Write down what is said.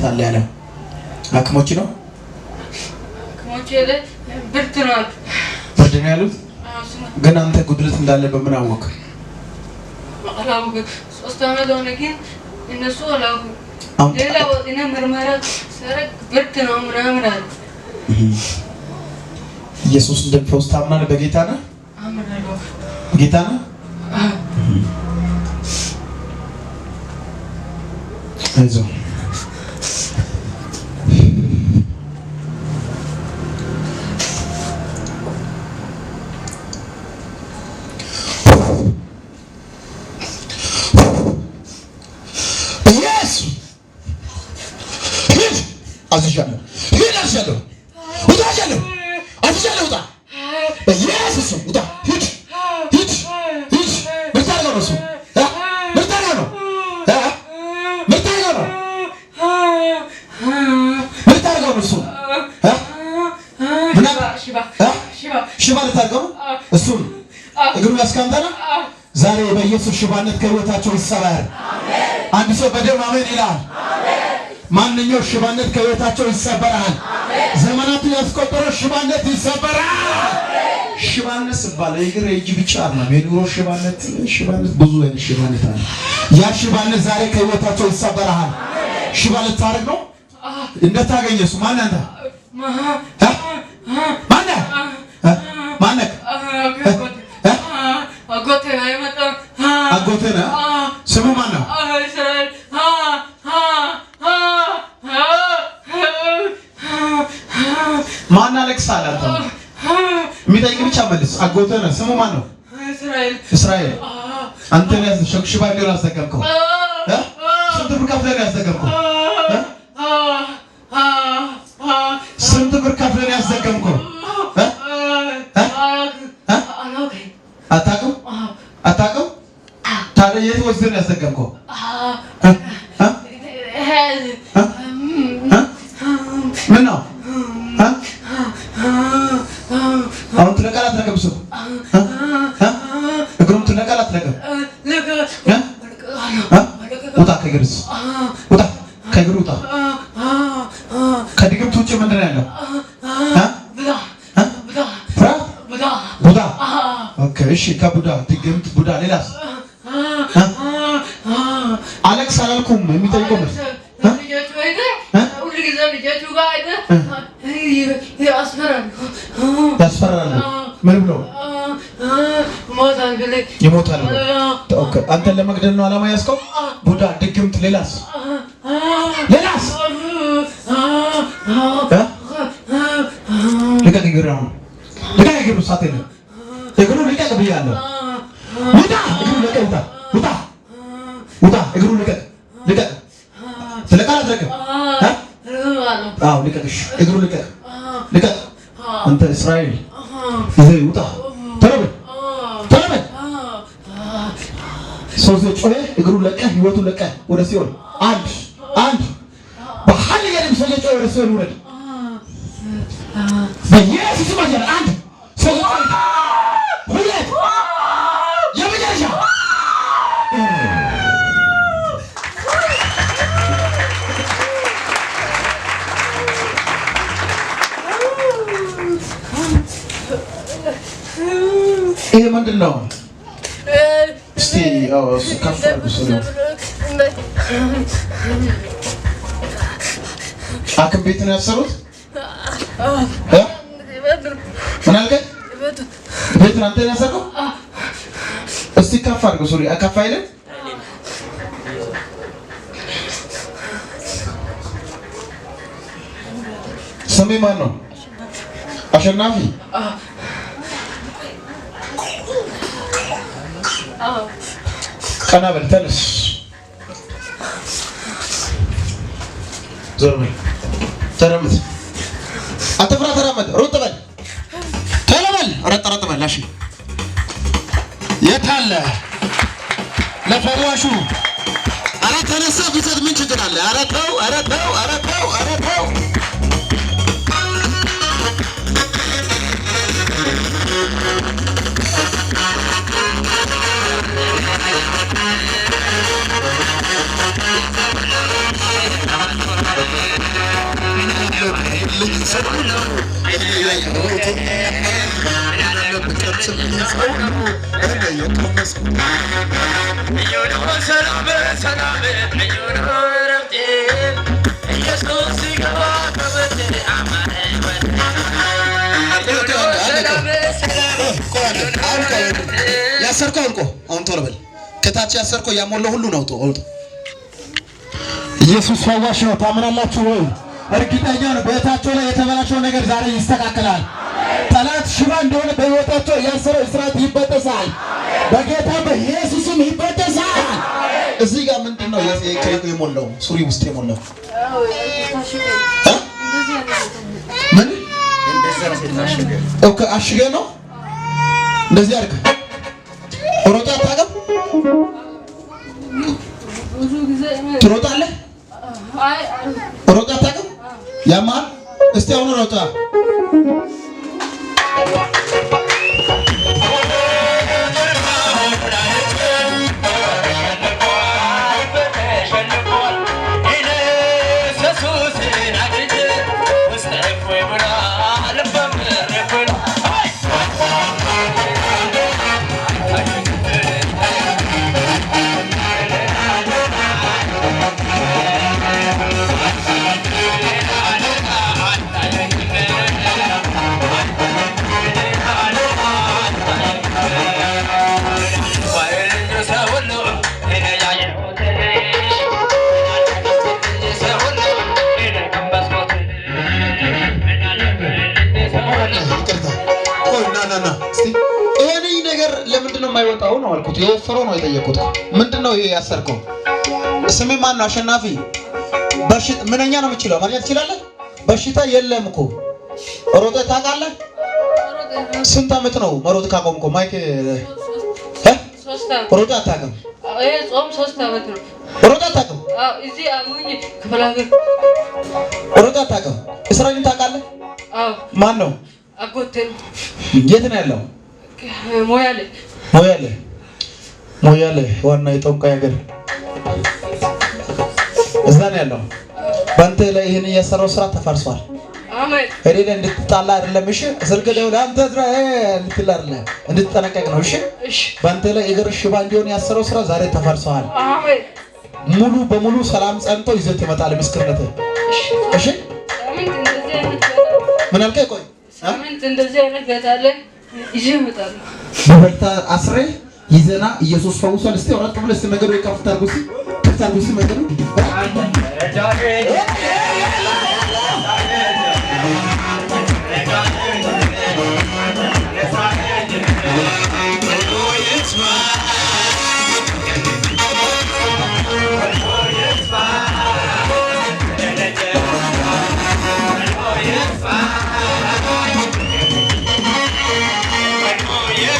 የት አለ ያለው? ሐኪሞች ነው ብርድ ነው ያሉት። ግን አንተ ጉድለት እንዳለ በምን አወቅ? ኢየሱስ እንደሚፈውስ ታምናለህ? በጌታ ነህ? ጌታ ነህ? አይዞህ አዝዣለሁ። ሂድ አዝዣለሁ። ውጣ አዝዣለሁ። አዝዣለሁ። ውጣ በኢየሱስ ውጣ። ሂድ ሂድ ሂድ። ምርታርጋ ነው እሱ ምርታርጋ ነው ምርታርጋ ነው ምርታርጋ ነው እሱ ሽባ ልታርገው እሱ እግሩ ያስቀምጠና ዛሬ በኢየሱስ ሽባነት ከህይወታቸው ይሰባል። አንድ ሰው በደም አሜን ይላል። ማንኛው ሽባነት ከቤታቸው ይሰበራል። ዘመናትን ያስቆጠረው ሽባነት ይሰበራል። ሽባነት ሲባል የእግር የእጅ ብቻ አይደለም። የኑሮ ሽባነት ሽባነት ብዙ አይነት ሽባነት አለ። ያ ሽባነት ዛሬ ከቤታቸው ይሰበራል። ሽባ ልታደርግ ነው። እንደታገኘሱ ማን አንተ ማናለቅስ አላት። የሚጠይቅ ብቻ መልስ። አጎትህ ነው ስሙ ማን ነው? እስራኤል አንተ ያዝ ሸክሽባ ቢሮ ያስጠቀምከው ስንት ብር ከፍለን ያስጠቀምከው ስንት ብር ከፍለን ያስጠቀምከው አታውቅም አታውቅም ታዲያ የት ወስደን ያስጠቀምከው አትነቅም። እሱ እግሩን ትነቀል አትነቅም። ውጣ ከእግር ውጣ፣ ከእግር ውጣ። ከድግምት ውጭ ምንድን ነው ያለው? ቡዳ። እሺ፣ ከቡዳ ድግምት፣ ቡዳ። ሌላስ? አለቅስ አላልኩም። የሚጠይቀው መልስ ያስፈራሉ። ምንም ነው ይሞታል? አንተን ለመግደል ነው አላማ ያስቀው። ቡዳ፣ ድግምት፣ ሌላስ ሌላስ ልቀቅ እግር ነው ልቀቅ እግር ሳት ነው እግሩ ልቀቅ ብያለሁ። ውጣ እግሩ ልቀቅ ውጣ ውጣ ውጣ እግሩ ልቀቅ ልቀቅ ስለ ቃል አትረቅም። አዎ ልቀቅሽ እግሩ ልቀቅ ልቀቅ አንተ እስራኤል ይዘህ ይውጣ። ተረበ ተረበ ሰው ጮኸ፣ እግሩ ለቀ፣ ህይወቱ ለቀ፣ ወደ ሲኦል አንድ አንድ በሀል የለም ሰው ጮኸ፣ ወደ ሲኦል ውረድ በኢየሱስ አንድ ሰው ይሄ ምንድን ነው? እስቲ ከፍ ሐኪም ቤት ነው ያሰሩት። ምን አልከኝ? ቤት ነው አንተ ያሰርከው? እስቲ ከፍ አድርገው። ሶሪ ከፍ አይልም። ስሜ ማን ነው? አሸናፊ اه انا بلتبس زرمي ترمت اتفرا ترمت روت بل تلبل رت رت بل لاشي የታለ ለፈዋሹ تنسى في سد من ችግር አለ አረ ተው አረ ተው አረ ያሰርከው አልቆ አሁን ቶሎ በል። ከታች ያሰርከው ያሞላው ሁሉ ነው። አውጡ። ኢየሱስ ፈዋሽ ነው። ታምናላችሁ ወይ? እርግጠኛ ነው። በእታቸው ላይ የተበላሸው ነገር ዛሬ ይስተካከላል። ጠላት ሽባ እንደሆነ በሕይወታቸው ያሰረው እስራት ይበጠሳል። በጌታ በኢየሱስም ይበጠሳል። እዚህ ጋር ምንድን ነው የሞላው? ሱሪ ውስጥ የሞላው ምን አሽገ ነው? እንደዚህ አድርገህ ሮጣ አታውቅም? ትሮጣለህ? ሮጣ አታውቅም? ያማል። እስቲ አሁን ሮጣ የጠየቅኩት የወፈረው ነው የጠየቅኩት። ምንድን ነው ይሄ ያሰርከው? ስሜ ማን ነው? አሸናፊ ምንኛ ነው የምችለው? አማርኛ ትችላለህ? በሽታ የለም እኮ ሮጠ ታውቃለህ? ስንት አመት ነው መሮጥ ካቆምኩ? ማይክ ሮጠ አታውቅም? ሮጠ አታውቅም? ሮጠ አታውቅም? እስራኤልን ታውቃለህ? ማን ነው? የት ነው ያለው? ሞያሌ ሞያሌ ሞያሌ ዋና የጠንቋይ ሀገር እዛ ነው ያለው። በአንተ ላይ ይህን እያሰራው ስራ ተፈርሷል። እኔ ላይ እንድትጣላ አይደለም። እሺ ስልክ ደውል አንተ እንድትል አይደለም፣ እንድትጠነቀቅ ነው። እሺ በአንተ ላይ እግር ሽባ እንዲሆን ያሰረው ስራ ዛሬ ተፈርሰዋል። ሙሉ በሙሉ ሰላም ጸንቶ ይዘት ይመጣል። ምስክርነት እሺ። ምን አልከኝ? ቆይ ሳምንት እንደዚህ አይነት ገጣለ ይዤ እመጣለሁ። በበርታ አስሬ ይዘና ኢየሱስ ፈውሷል። እስቲ ወራት ከብለ እስቲ መንገዱ ይከፍታል። ጉሲ ከፍታል። ጉሲ መንገዱ